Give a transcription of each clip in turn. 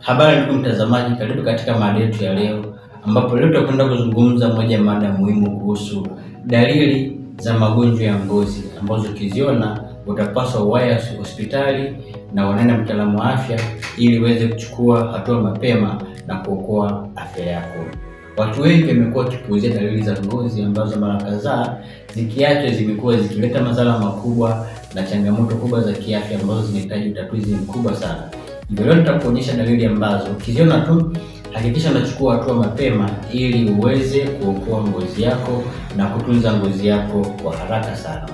Habari ndugu mtazamaji, karibu katika mada yetu ya leo, ambapo leo tutakwenda kuzungumza moja mada muhimu kuhusu dalili za magonjwa ya ngozi ambazo ukiziona utapaswa waya hospitali na uonane mtaalamu wa afya ili uweze kuchukua hatua mapema na kuokoa afya yako. Watu wengi wamekuwa wakipuuzia dalili za ngozi ambazo mara kadhaa zikiachwa zimekuwa zikileta madhara makubwa na changamoto kubwa za kiafya ambazo zinahitaji utatuzi mkubwa sana. Leo nitakuonyesha dalili ambazo ukiziona tu hakikisha unachukua hatua mapema ili uweze kuokoa ngozi yako na kutunza ngozi yako kwa haraka sana.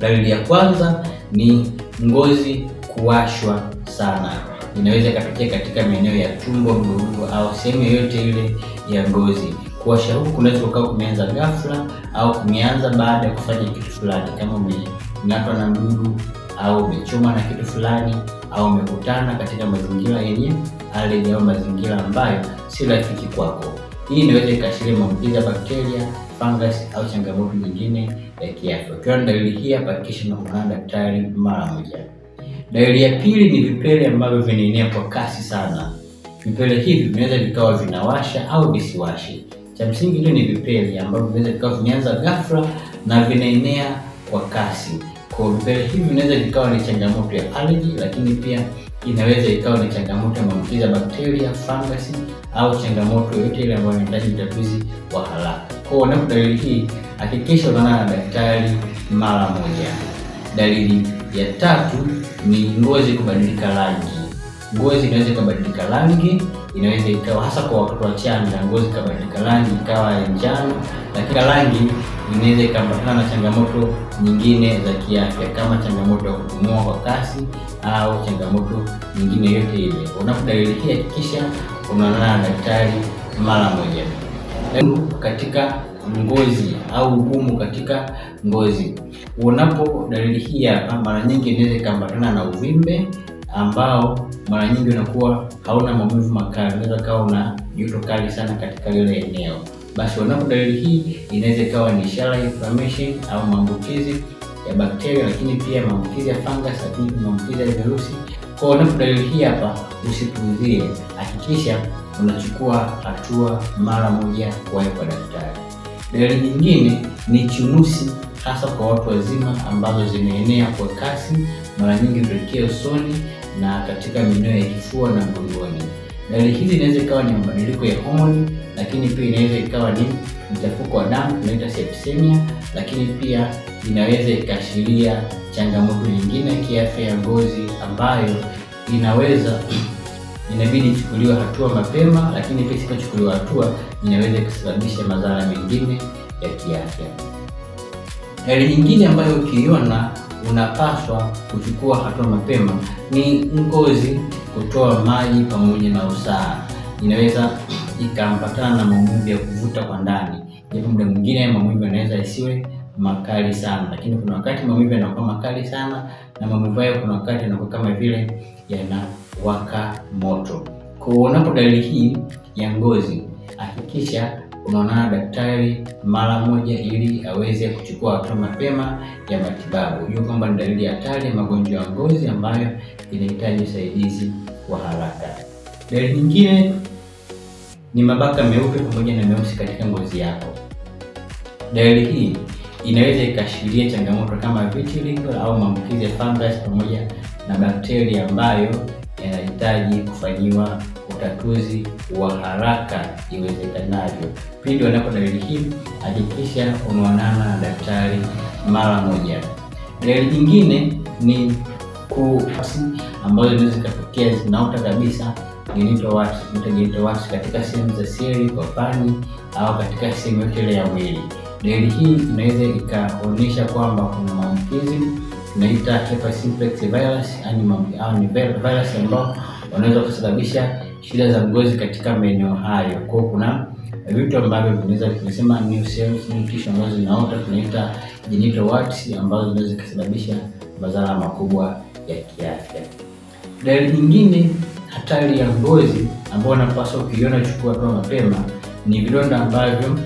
Dalili ya kwanza ni ngozi kuwashwa sana. Inaweza ikatokea katika maeneo ya tumbo, mgongo au sehemu yoyote ile ya ngozi. Kuwasha huku kunaweza kukaa kumeanza ghafla au kumeanza baada ya kufanya kitu fulani, kama umenyatwa na mdudu au umechuma na kitu fulani au umekutana katika mazingira yenye aleji au mazingira ambayo si rafiki kwako. Hii inaweza ikaashiria maambukizi ya bakteria, fungus au changamoto nyingine ya kiafya. Ukiwa na dalili hii, hakikisha unaona daktari mara moja. Dalili ya pili ni vipele ambavyo vinaenea kwa kasi sana. Vipele hivi vinaweza vikawa vinawasha au visiwashi Cha msingi ndio ni vipele ambavyo vinaweza vikawa vimeanza ghafla na vinaenea kwa kasi. Kwa vipele hivi vinaweza ikawa ni changamoto ya allergy, lakini pia inaweza ikawa ni changamoto ya maambukizi ya bakteria, fungus au changamoto yoyote ile ambayo inahitaji utatuzi wa haraka. Kwa hiyo unapo dalili hii, hakikisha unaona na daktari mara moja. Dalili ya tatu ni ngozi kubadilika rangi ngozi inaweza ikabadilika rangi, inaweza ikawa hasa kwa watoto wachanga, ngozi ikabadilika rangi ikawa njano, lakini rangi inaweza ikaambatana na changamoto nyingine za kiafya kama changamoto ya kupumua kwa kasi au changamoto nyingine yote ile. Unapodalili hii, hakikisha unaonana na daktari mara moja. Katika ngozi au ugumu katika ngozi, unapo dalili hii hapa, mara nyingi inaweza ikaambatana na uvimbe ambao mara nyingi unakuwa hauna maumivu makali, unaweza kawa una joto kali sana katika lile eneo, basi wanapo dalili hii inaweza ikawa ni ishara ya inflammation au maambukizi ya bakteria, lakini pia maambukizi ya fungus, lakini maambukizi ya virusi. Kwa unapo dalili hii hapa, usipuuzie, hakikisha unachukua hatua mara moja kuwahi kwa daktari. Dalili nyingine ni chunusi hasa kwa watu wazima ambazo zimeenea kwa kasi, mara nyingi hutokea usoni na katika mineo ya kifua na mgongoni. Dalili hizi inaweza ikawa ni mabadiliko ya homoni, lakini pia inaweza ikawa ni mchafuko wa damu tunaita septicemia, lakini pia inaweza ikaashiria changamoto nyingine ya kiafya ya ngozi ambayo inaweza inabidi ichukuliwe hatua mapema, lakini pia isipochukuliwa hatua inaweza ikasababisha madhara mengine ya kiafya. Dalili nyingine ambayo ukiiona unapaswa kuchukua hatua mapema ni ngozi kutoa maji pamoja na usaha. Inaweza ikaambatana na maumivu ya kuvuta kwa ndani, japo muda mwingine maumivu yanaweza isiwe makali sana, lakini kuna wakati maumivu yanakuwa makali sana, na maumivu hayo kuna wakati yanakuwa kama vile yanawaka moto. Kwa unapo dalili hii ya ngozi, hakikisha unaonana daktari mara moja ili aweze kuchukua hatua mapema ya matibabu. Hujua kwamba ni dalili ya hatari ya magonjwa ya ngozi ambayo inahitaji usaidizi wa haraka. Dalili nyingine ni mabaka meupe pamoja na meusi katika ngozi yako. Dalili hii inaweza ikaashiria changamoto kama vitiligo au maambukizi ya fungus pamoja na bakteria ambayo yanahitaji kufanyiwa utatuzi wa haraka iwezekanavyo. Pindi wanapo dalili hii, hakikisha unaonana na daktari mara moja. Dalili nyingine ni kuasi ambazo zinaweza zikatokea zinaota kabisa katika sehemu za siri, pani au katika sehemu yote ile ya mwili. Dalili hii inaweza ikaonyesha kwamba kuna maambukizi tunaita herpes simplex virus, yaani virus ambao wanaweza kusababisha shida za ngozi katika maeneo hayo. Kwa hiyo kuna vitu ambavyo vinaweza tunasema cells ni tishu ambazo zinaota, tunaita genital warts ambazo zinaweza zikasababisha madhara makubwa ya kiafya. Dalili nyingine hatari ya ngozi ambayo unapaswa ukiiona, chukua kwa mapema ni vidonda ambavyo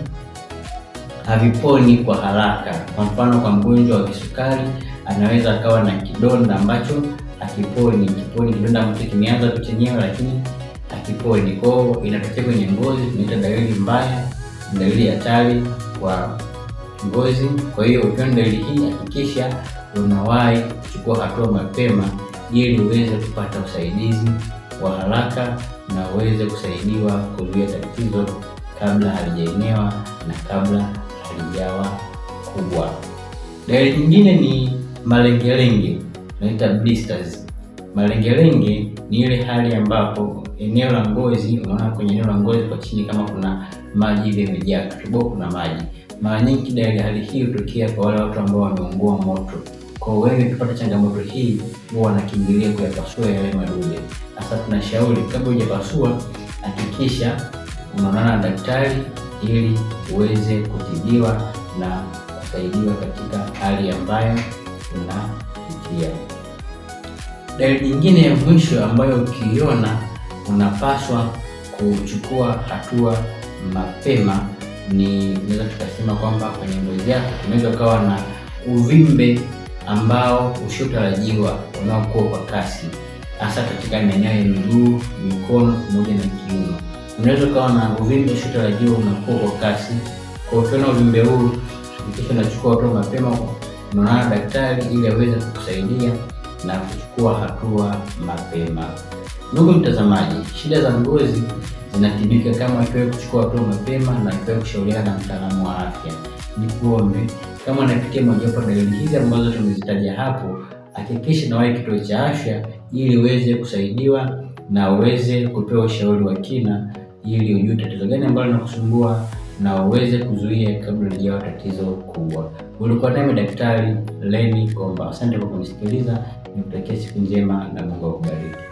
haviponi kwa haraka. Kwa mfano, kwa mgonjwa wa kisukari anaweza akawa na kidonda ambacho akiponi kiponi kidonda ambacho kimeanza tu chenyewe lakini kiponi. Kwao inatokea kwenye ngozi, tunaita dalili mbaya, dalili hatari kwa ngozi. Kwa hiyo ukiona dalili hii, hakikisha unawahi kuchukua hatua mapema ili uweze kupata usaidizi wa haraka na uweze kusaidiwa kuzuia tatizo kabla halijaenewa na kabla halijawa kubwa. Dalili nyingine ni malengelenge, tunaita blisters. Malengelenge ni ile hali ambapo eneo la ngozi, unaona kwenye eneo la ngozi kwa chini kama kuna maji ile imejaa kidogo, kuna maji. Mara nyingi dalili hali hii hutokea kwa wale watu ambao wameungua moto. Kwa wengi ukipata changamoto hii huwa wanakimbilia kuyapasua yale madude. Sasa tunashauri kabla hujapasua, hakikisha unaonana na daktari ili uweze kutibiwa na kusaidiwa katika hali ambayo unapitia. Dalili nyingine ya mwisho ambayo ukiiona unapaswa kuchukua hatua mapema ni naweza tukasema kwamba kwenye ngozi yako unaweza ukawa na uvimbe ambao usiotarajiwa unaokuwa kwa kasi, hasa katika maeneo ya miguu, mikono pamoja na kiuno. Unaweza ukawa na uvimbe usiotarajiwa unakuwa kwa kasi. Kwa ukiona uvimbe huu, hakikisha unachukua hatua mapema, unaona daktari ili aweze kukusaidia na kuchukua hatua mapema. Ndugu mtazamaji, shida za ngozi zinatibika kama ikiwahi kuchukua hatua mapema na ikiwahi kushauriana na mtaalamu wa afya. Ni kuombe kama unapitia mojawapo dalili hizi ambazo tumezitaja hapo, hakikisha nawahi kituo cha afya ili uweze kusaidiwa na uweze kupewa ushauri wa kina ili ujue tatizo gani ambalo linakusumbua na uweze kuzuia kabla lijawa tatizo kubwa. Ulikuwa nami Daktari Lenny Komba. Asante kwa kunisikiliza nikutakia siku njema na Mungu akubariki.